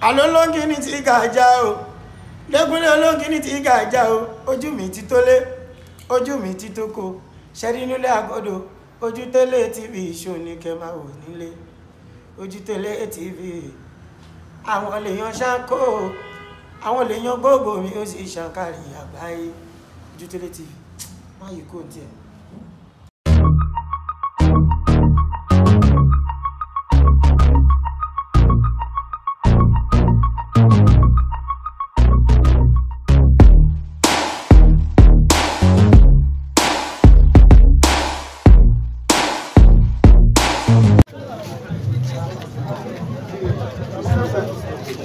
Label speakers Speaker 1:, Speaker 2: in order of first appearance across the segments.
Speaker 1: àlọ́ lóńgì ní ti gàjà o lẹ́gúnlé olóńgì ní ti gàjà o ojú mi ti tólé ojú mi ti tóko ṣẹ́rí nílé àgọ́dọ̀ ojú télé tv ìṣòní kẹ́ máa wò nílé ojú télé tv àwọn lèèyàn ṣáńkó àwọn lèèyàn gbogbo mi ó sì ṣàǹkàrí àgbáyé ojú télé tv má yìí kò tiẹ̀. These are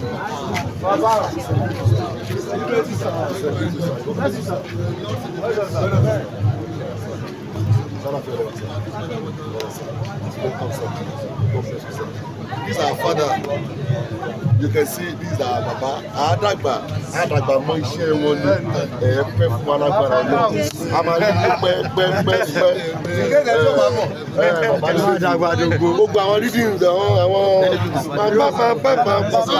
Speaker 1: father. You can see these are baba. Adagba, Adagba, mọ iṣẹ́ wọn ni. Ẹ pẹ́ fún alágbára àmàlẹ́kùn pẹ́ẹ́pẹ́ẹ́pẹ́. ìkéde tó wà mọ̀. àwọn àjàgbàdogbo. gbogbo àwọn rídìn àwọn àwọn pàpàpàpàpàpà. mo ṣe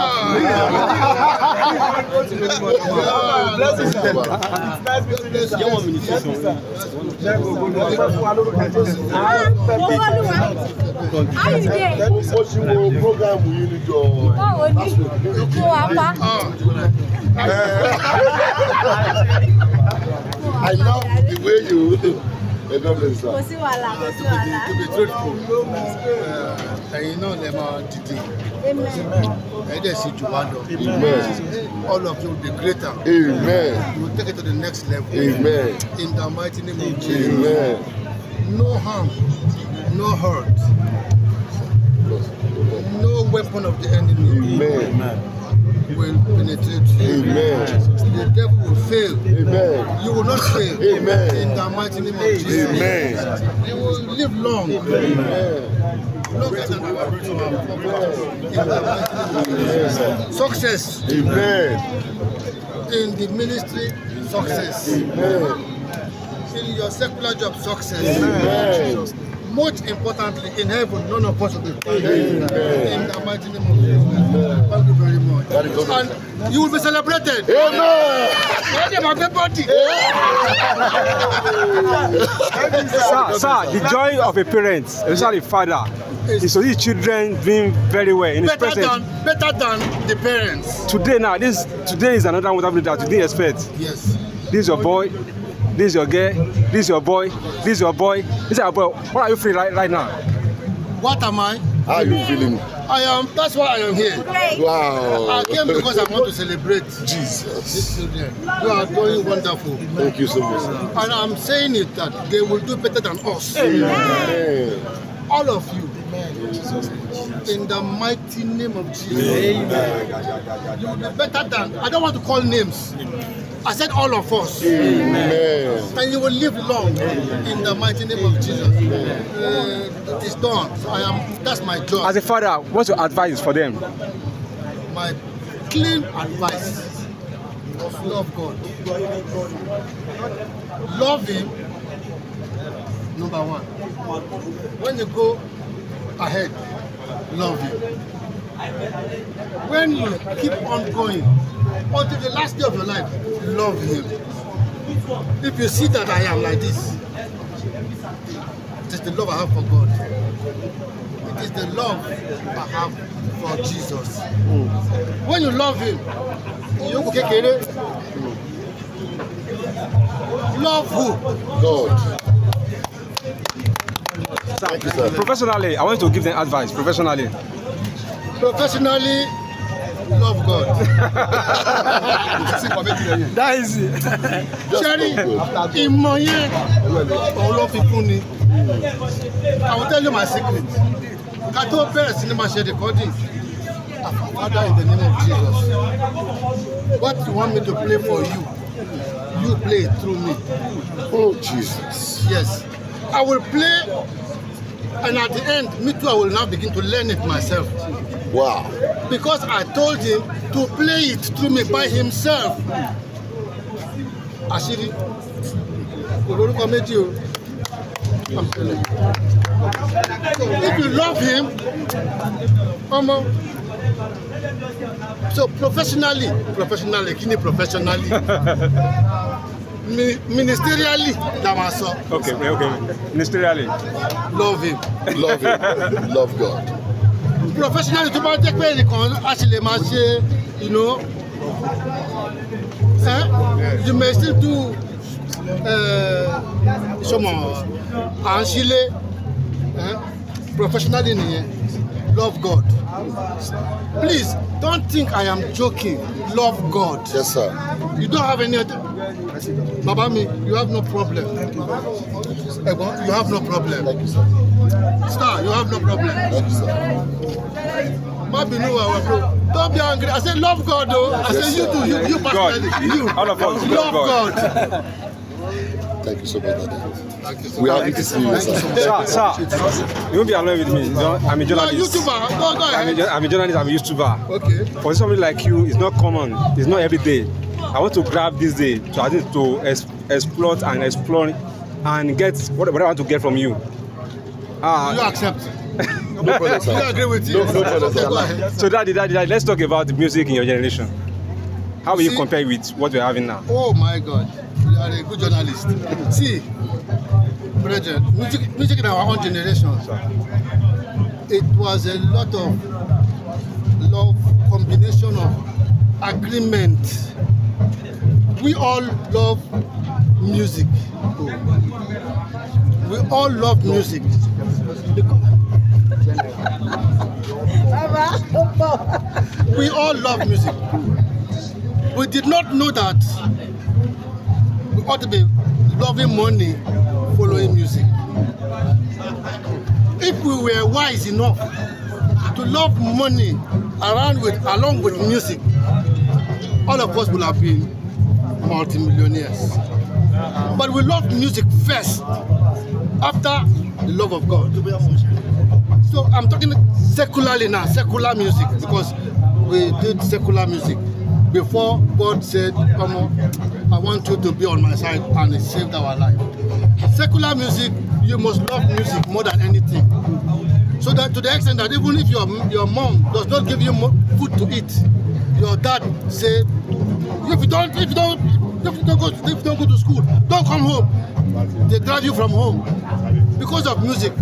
Speaker 1: wo programu yìí níjọ. báwo ni ìkó apá. I love the way you. Kò sí wàhálà, kò sí wàhálà. To be truthful, eh, ẹ̀yin náà lè máa dìde. Ẹ̀yin dẹ̀ sì jù wá lọ. All of you be greater. Amen. You will take it to the next level. Amen. In the mighty name of Jesus. Amen. No harm, no hurt, no weapon of the enemy. Amen. Amen. will penetrate you. Amen. The devil will fail. Amen. You will not fail. Amen. In the mighty name of Jesus. Amen. You will live long. Amen. Look Success. Amen. In the ministry, success. Amen. In your secular job, success. Amen most importantly, in heaven, none of us will be Amen. In the mighty name of Jesus. and you will be celebrated. Amen. Let them have a party. sir, the joy
Speaker 2: of a parent, especially a father, is to see children doing very well in his better presence.
Speaker 1: Than, better than the parents.
Speaker 2: Today now, this today is another wonderful day that you didn't expect. Yes. This is your boy, this is your girl, this is your boy, this is your boy, this is your boy. What are you feeling right, right now?
Speaker 1: What am I? How are you feeling? I am. That's why I am here.
Speaker 2: Wow. I came because I want to celebrate Jesus. You
Speaker 1: are doing wonderful. Thank you so much. And I'm saying it that they will do better than us. All of you. In the mighty name of Jesus. Amen. You will be better than. I don't want to call names. Amen. I said all
Speaker 2: of us. Amen. And you will live long Amen. in
Speaker 1: the mighty name of Jesus. Uh, it is done. So I am. That's my job.
Speaker 2: As a father, what's your advice for them?
Speaker 1: My clean advice of love God. Love Him. Number one. When you go ahead, love Him. When you keep on going until the last day of your life, love him. If you see that I am like this, it is the love I have for God. It is the love I have for Jesus. Mm. When you love him,
Speaker 2: you kékeré.
Speaker 1: Love who? God.
Speaker 2: Thank you, sir. Professionally, I want to give them advice professionally.
Speaker 1: Professionally, love God. That is it. Sherry, ìmọ̀ yẹn òun ló fi kún ni. I will tell you my secret. Ká tó bẹ̀rẹ̀ sí ni máa ṣe recording. Father in the name of Jesus. What you want me to play for you, you play through me. Oh Jesus. Yes. I will play and at the end, me too, I will now begin to learn it myself. Wow. Because I told him to play it to me by himself. Àṣírí. I'm
Speaker 2: telling you, If you love him, ọmọ.
Speaker 1: So professionally, professionally, kí ni professionally? ministerially Damaso.
Speaker 2: Okay, okay. Ministerially. Love him. Love him. Love God
Speaker 1: professionally tó bá jẹ́ pé nìkan a sì lè máa ṣe you know you may still do ìṣọmọ à ń sílé professionally nìyẹn love God please don't think I am joking love God yes sir you don't have any other baba mi you have no problem ẹ̀gbọ́n you have no problem. Thank you, sir. Star, you have no problem. Má Don't be angry. I say love God though. I yes, you do. You, you personally.
Speaker 2: You. All of us. Love
Speaker 1: God. God.
Speaker 2: Thank you so much, Daddy. We are happy to see you, sir. Sir, sir, you won't be alone with me. I'm a journalist. You're a YouTuber. Go, go ahead. I'm a, journalist. I'm a YouTuber. Okay. For somebody like you, it's not common. It's not every day. I want to grab this day to, I think, to es and explore and get what, what I want to get from you. Uh, you
Speaker 1: accept. no, no agree with you? No, no
Speaker 2: So, daddy, daddy, daddy, let's talk about the music in your generation. How will you compare with what we're having now?
Speaker 1: Oh my God, you are a good journalist. See, brethren, music, music in our own generation, it was a lot of love, combination of agreement. We all love music. We all love music we all love music. We did not know that we ought to be loving money, following music. If we were wise enough to love money around with along with music, all of us would have been multimillionaires. But we love music first. After the love of God. So I'm talking secularly now, secular music, because we did secular music before God said, "Come on, I want you to be on my side, and it saved our life. Secular music, you must love music more than anything. So that to the extent that even if your, your mom does not give you food to eat, your dad say, if you don't, if you don't, if you don't go, if you don't go to school, don't come home. They drive you from home because of music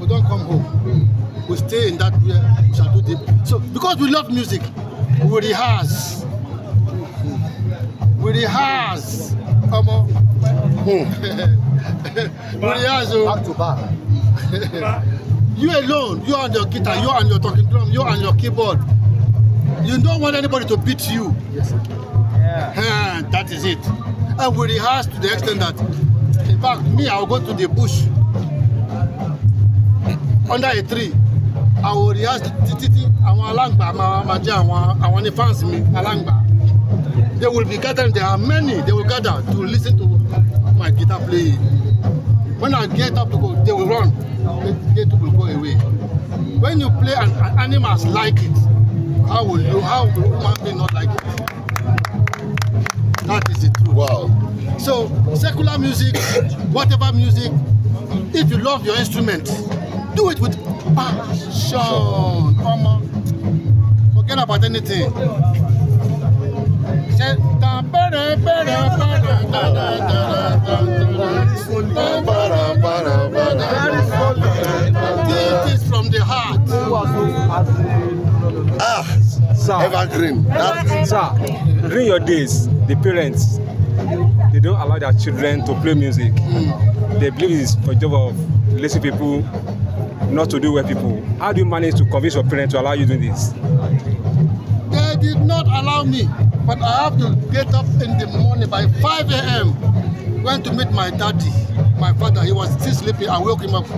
Speaker 1: we don come home we stay in that where we shall do the so because we love music we rehearse we rehearse omo hmm. we rehearse oh. o you alone you and your guitar you and your talking drum you and your keyboard you don't want anybody to beat you yes, sir. Yeah. that is it and we rehearse to the extent that In fact, me, I'll go to the bush under a tree. I will react títí àwọn alángbà máa máa jẹ́ àwọn àwọn fans mi They will be gathering, there are many, they will gather to listen to my guitar playing. When I get up to go, they will run. They, they will go away. When you play and, animals like it, how will you, how will human be not like it? That is it. truth. Wow. So secular music, whatever music, if you love your instrument, do it with passion. Come on. forget about anything. Ṣé ta bẹ̀rẹ̀ bẹ̀rẹ̀ This is from the heart.
Speaker 2: Ah, sir. evergreen. That, sir, during your days the parents they don't allow their children to play music. Mm. They believe it's for job of lazy people, not to do well people. How do you manage to convince your parents to allow you doing this?
Speaker 1: They did not allow me, but I have to get up in the morning by 5 a.m. Went to meet my daddy, my father. He was still sleeping. I woke him up.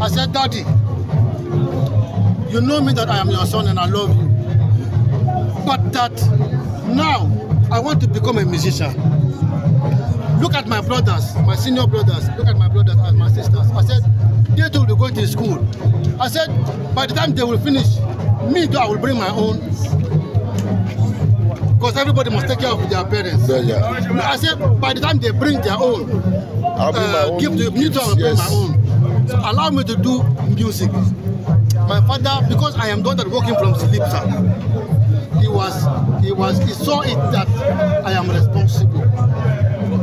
Speaker 1: I said, Daddy, you know me that I am your son and I love you. But that now I want to become a musician. Look at my brothers, my senior brothers, look at my brothers and my sisters. I said, they too will go to school. I said, by the time they will finish, me too, I will bring my own. Because everybody must take care of their parents. Yeah, yeah. I said, by the time they bring their own, I'll bring uh, own give to me too, I will yes. bring my own. So allow me to do music. My father, because I am daughter working from sleep, sir, he was he was he saw it that I am responsible.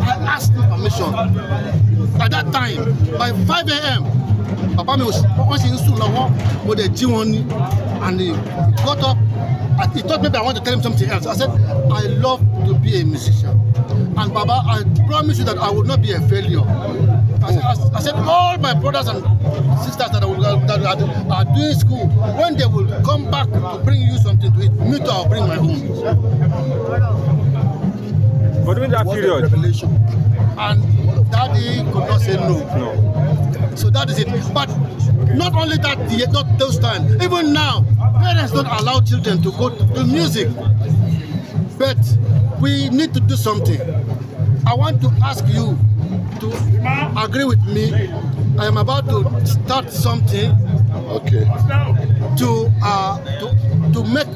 Speaker 1: I asked him permission. At that time, by 5 a.m., Papa mi wọ́n ṣe ń sùn lọ́wọ́, mo dẹ̀ jí wọn and he got up he thought maybe I want to tell him something else. I said, I love to be a musician and Baba, I promise you that I will not be a failure. I said, all my brothers and sisters that, that are, doing school, when they will come back to bring you something to eat, me too, I'll bring my home. But during that period? revelation. And daddy could not say no. No. So that is it. But not only that, not those times, even now, parents don't allow children to go to, to music. But we need to do something. I want to ask you, to agree with me. I am about to start something. Okay. To uh, to, to make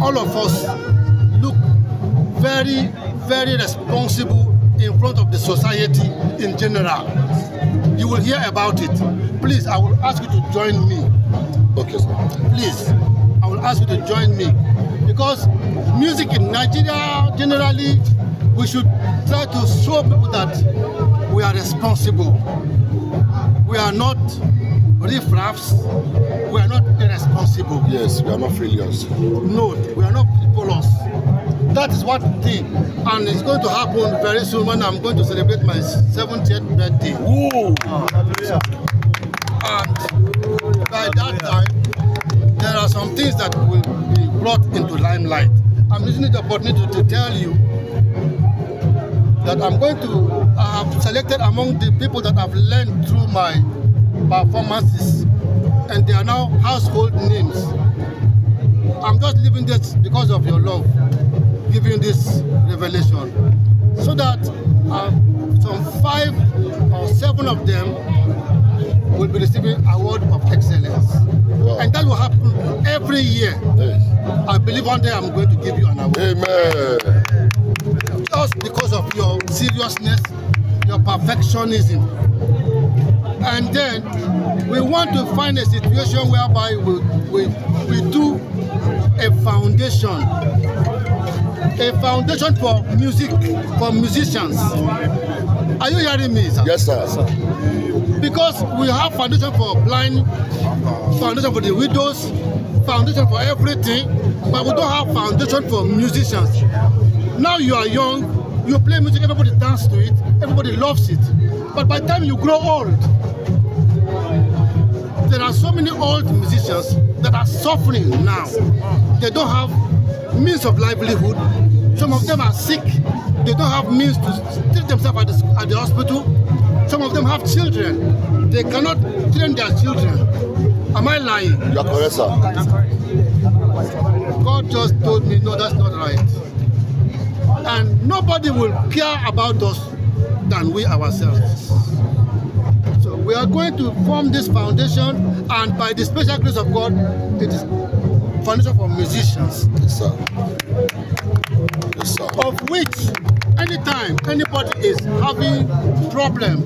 Speaker 1: all of us look very very responsible in front of the society in general. You will hear about it. Please, I will ask you to join me. Okay, Please, I will ask you to join me because music in Nigeria generally, we should try to show people that we are responsible. We are not riffraffs. We are not irresponsible. Yes, we are not failures. No, we are not frivolous. That is what thing. And it's going to happen very soon when I'm going to celebrate my 70th birthday. Ooh! And by that time, there are some things that will be brought into limelight. I'm using the opportunity to, to tell you that I'm going to I have selected among the people that I've learned through my performances, and they are now household names. I'm just leaving this because of your love, giving this revelation, so that uh, some five or seven of them will be receiving award of excellence, wow. and that will happen every year. Yes. I believe one day I'm going to give you an award. Amen. us because of your seriousness, your perfectionism. And then we want to find a situation whereby we, we, we do a foundation, a foundation for music, for musicians. Are you hearing me, sir? Yes, sir. sir. Because we have foundation for blind, foundation for the widows, foundation for everything, but we don't have foundation for musicians. Now you are young, you play music, everybody dance to it, everybody loves it. But by the time you grow old, there are so many old musicians that are suffering now. They don't have means of livelihood. Some of them are sick. They don't have means to treat themselves at the, at the hospital. Some of them have children. They cannot train their children. Am I lying? You are correct, sir. God just told me, no, that's not right and nobody will care about us than we ourselves. So we are going to form this foundation, and by the special grace of God, it is foundation for musicians. Yes, sir. Yes, sir. Of which, anytime anybody is having problem,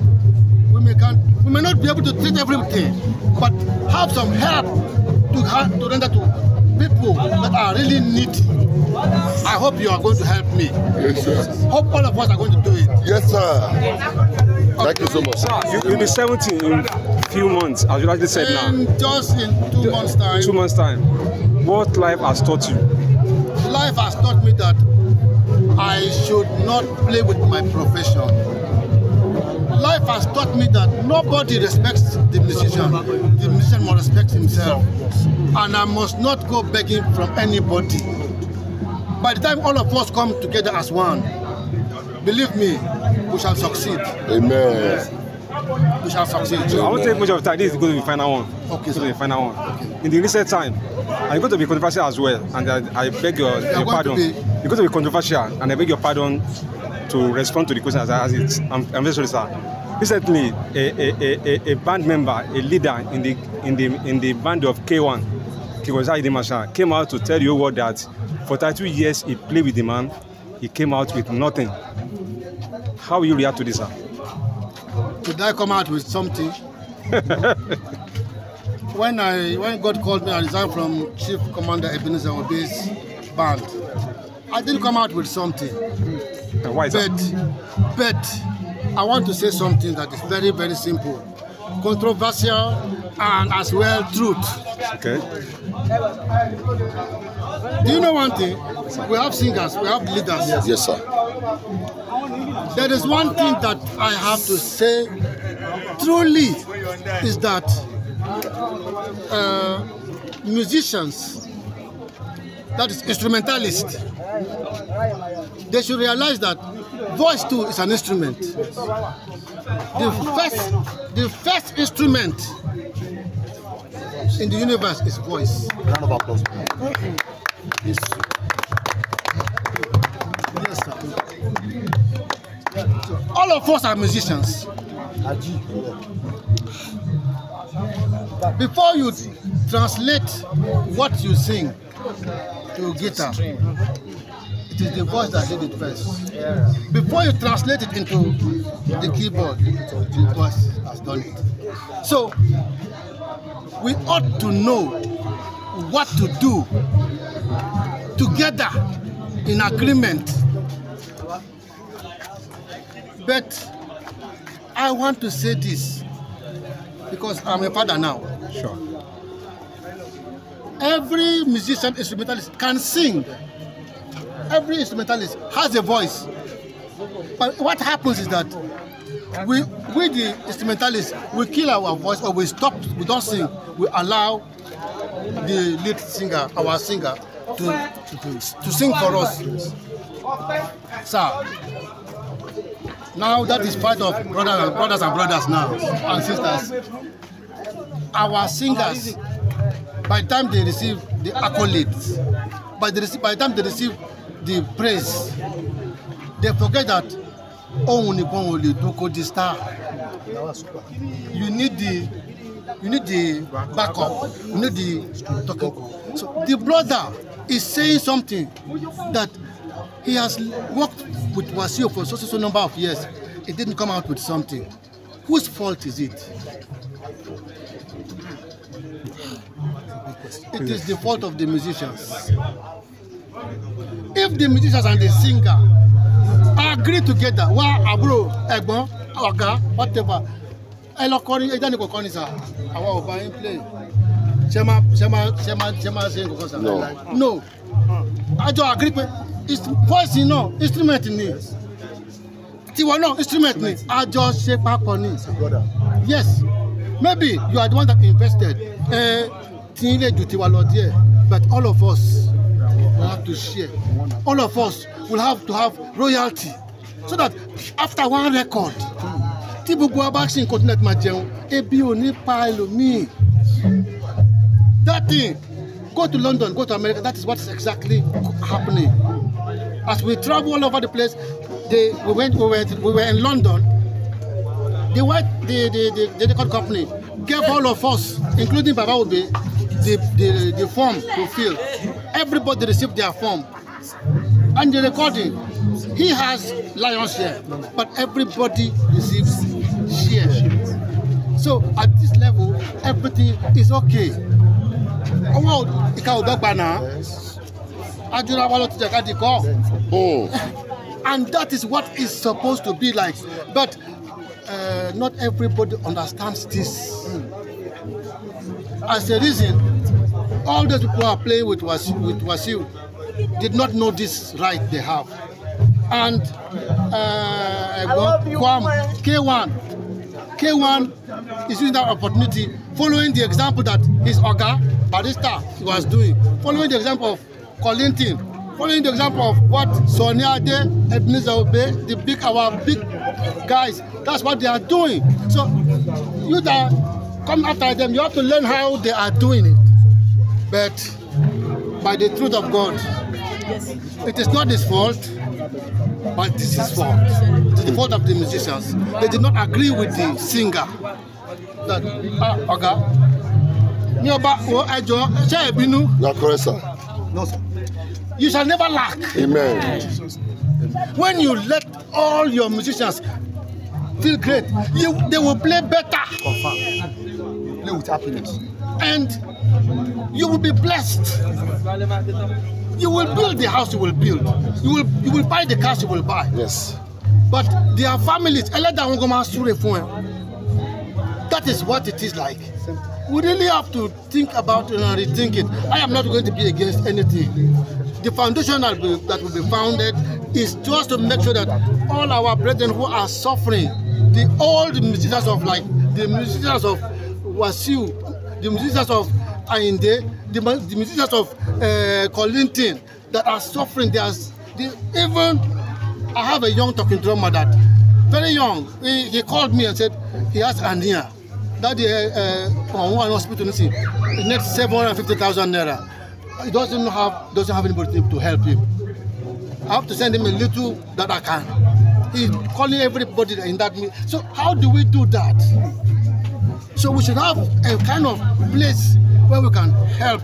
Speaker 1: we may can we may not be able to treat everything, but have some help to have, to render to people that are really needy. I hope you are going to help me. Yes, sir. Hope all of us are going to do
Speaker 2: it. Yes, sir.
Speaker 1: Thank you so much. You, will be
Speaker 2: 70 in a few months, as you rightly said in
Speaker 1: now. Just in two the, months' time. Two months'
Speaker 2: time. What life has taught you?
Speaker 1: Life has taught me that I should not play with my profession. Life has taught me that nobody respects the musician. The musician must respect himself. And I must not go begging from anybody. By the time all of us come together as one, believe me, we shall succeed.
Speaker 2: Amen.
Speaker 1: We shall succeed. Amen. I won't take much
Speaker 2: of time. This is going to be final one. Okay, this sir. The final one. Okay. In the recent time, I'm going to be controversial as well, and I, I beg your, you your pardon. Be... You're going to be controversial, and I beg your pardon to respond to the question as, as it. I'm, I'm very sorry, sir. Recently, a, a, a, a band member, a leader in the in the in the band of K1, Kikoza Idemasha, came out to tell the whole world that for 32 years he played with the man, he came out with nothing. How will you react to this, sir? Did I come out with something?
Speaker 1: when I when God called me, I resigned from Chief Commander Ebenezer Obi's band. I didn't come out with something. Why is but, that? but I want to say something that is very, very simple. controversial, and as well truth.
Speaker 2: Okay. Do you know one thing? We have singers, we have leaders. Yes, sir.
Speaker 1: There is one thing that I have to say truly is that uh, musicians, that is instrumentalists, they should realize that voice too is an instrument.
Speaker 2: The
Speaker 1: first, the first instrument in the universe is voice. Round of applause. Yes. Yes, sir. All of us are musicians. Before you translate what you sing to guitar, it is the voice that did it first. Before you translate it into the keyboard, the voice has done it. So we ought to know what to do together in agreement. But I want to say this because I'm a father now. Sure. Every musician, instrumentalist can sing every instrumentalist has a voice. But what happens is that we, we the instrumentalists, we kill our voice or we stop, we don't sing. We allow the lead singer, our singer, to, to, to sing for us. Sir,
Speaker 2: now that is part of brothers and brothers and brothers now and sisters.
Speaker 1: Our singers, by the time they receive the accolades, by the, by the time they receive the praise they forget that ohun nìkan ò lè tó kó di star you need the you need the backup you need the token. so the brother is saying something that he has worked with Wasiu for so so so number of years he didn't come out with something whose fault is it it is the fault of the musicians if the musicians and the singer agree together wá àbúrò ẹ̀gbọ́n ọ̀gá whatever ẹ lọ kọrin ẹ jáde kò kọrin sa àwa ò bá yín play ṣe ma, ṣe ma, ṣe ma, ṣe ma. ṣe nǹkan kan sa. no àjọ agree pé voice náà instrument ni tiwọn náà instrument ni àjọ ṣe papọ̀ ni yes maybe you are the one that invested ẹ eh, tí ń ju tiwa lọ díẹ̀ but all of us will have to share. All of us will have to have royalty so that after one record tí gbogbo wa bá nǹkan tí nẹ́ẹ̀tì jẹun ebi ò ní pa ẹlòmíì. That thing go to London go to America that is what is exactly happening. As we travel all over the place they we went we went we were in London the white the the the, the record company gave all of us including Baba Obe the the the form to fill everybody received their form. And the recording, he has lion's share, but everybody receives share. So at this level, everything is okay. Ọwọ́ ìka ò dọ́gba náà, ajúra wa hmm. And that is what is supposed to be like. But uh, not everybody understands this. As a reason, all those people who are playing with Wasiu, with Wasiu did not know this right they have. And uh, K1, K1 is using that opportunity, following the example that his Oga, Barista, was doing, following the example of Colintin. following the example of what Sonia De Ebenezer Obey, the big, our big guys, that's what they are doing. So you that come after them, you have to learn how they are doing it but by the truth of God. It is not his fault, but this is fault. It is the fault of the musicians. They did not agree with the singer. That, uh, Oga, ní ọba wo ẹjọ no sir. you shall never lack. amen. when you let all your musicians feel great you they will play better. Confirm. play with happiness. and. You will be blessed. You will build the house you will build. You will you will buy the cars you will buy. Yes. But there are families, that is what it is like. We really have to think about it and rethink it. I am not going to be against anything. The foundation that will, that will be founded is just to make sure that all our brethren who are suffering, the old musicians of like the musicians of Wasiu, the musicians of Ainde, the, the musicians of uh, Colinton that are suffering. They are, they, even I have a young talking drummer that very young. He, he called me and said he has anemia. That day uh, on one hospital, he needs seven hundred fifty thousand naira. He doesn't have doesn't have anybody to help him. I have to send him a little that I can. He's calling everybody in that. Meeting. So how do we do that? So we should have a kind of place where we can help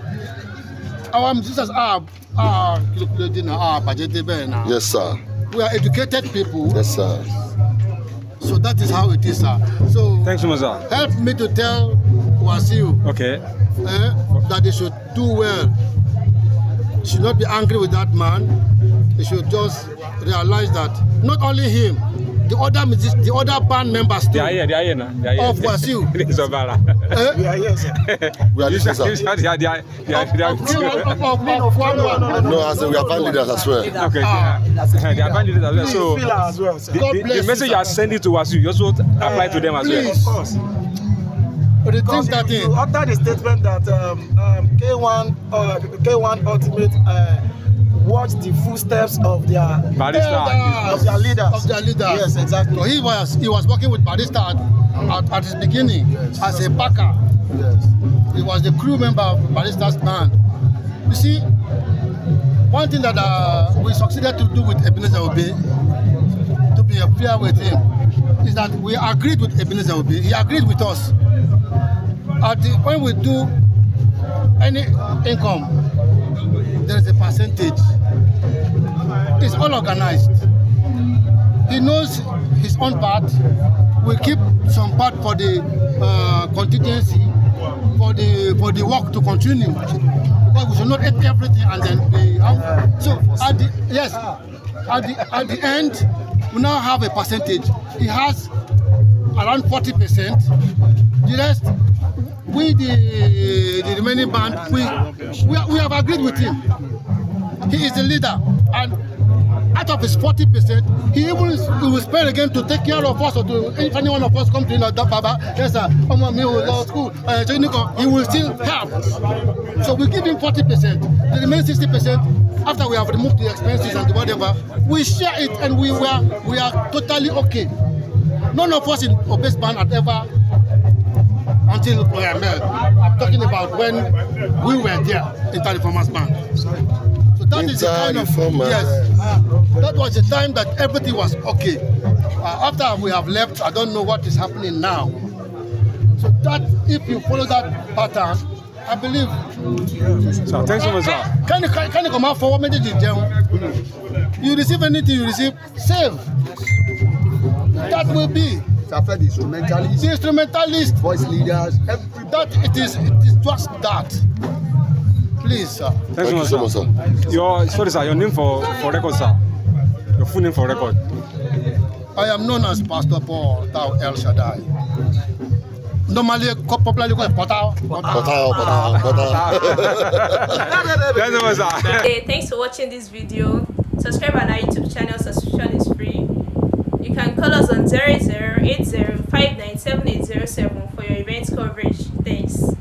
Speaker 1: our musicians are are kilokulodi na yes sir. we are educated people. yes sir. so that is how it is sir.
Speaker 2: so thanks so sir.
Speaker 1: help me to tell Wasiu. okay. Eh, that they should do well. should not be angry with that man. They should just realize that not only him the other music, the other band members too. They are here,
Speaker 2: they are here now. They are here. Of Wasil. This Eh? We are here, sir. We are here. sir. they are, here. are, they are. They are of,
Speaker 1: of, No, I said we are band leaders as well. Okay. They are band leaders as well. So, The, message you are
Speaker 2: sending to Wasil, you also apply to them as well. please. Of
Speaker 1: course. But the thing that you, you the statement that um, um, K1 uh, K1 Ultimate uh, watch the footsteps of their Barista, of their leaders. Of their leaders. Yes, exactly. So he was he was working with Barista at, at, at his beginning yes. as a packer. Yes. He was the crew member of Barista's band. You see, one thing that uh, we succeeded to do with Ebenezer Obi, to be fair with him, is that we agreed with Ebenezer Obi. He agreed with us. At the, when we do any income, there is a percentage is all organized. He knows his own part. We keep some part for the uh, contingency, for the for the work to continue. Because we should not eat everything and then so at the yes at the at the end we now have a percentage. He has around 40 percent. The rest we the, the remaining band we, we we have agreed with him. He is the leader and out of his 40%, he even he will spend again to take care of us or to if any one of us come to him like that, Baba, yes, sir, come on, me will go to school, uh, he will still help. So we give him 40%. percent. The remaining 60%, percent, after we have removed the expenses and whatever, we share it and we were we are totally okay. None of us in Obese Band had ever until well, oh I'm talking about when we were there in Teleformers Band that is the kind of yes. Ah, that was the time that everything was okay. Uh, after we have left, I don't know what is happening now. So that if you follow that pattern, I believe. So thanks for much, Can you can, you come out for what made you down? You receive anything you receive, save. That will be. Suffered instrumentalists. The instrumentalists. Voice leaders. Everybody. That it is. It is just that. Please, sir.
Speaker 2: Thank, Thank you so much, sir. Your, sorry, sir, your name for, for record, sir. Your full name for record.
Speaker 1: I am known as Pastor Paul Tao El Shaddai. Normally, popularly called Potao. Potao, Potao, Potao. Thank you, sir. Hey, thanks for watching this video. Subscribe on our YouTube channel. Subscription is free. You can call us on 0080 for your event coverage. Thanks.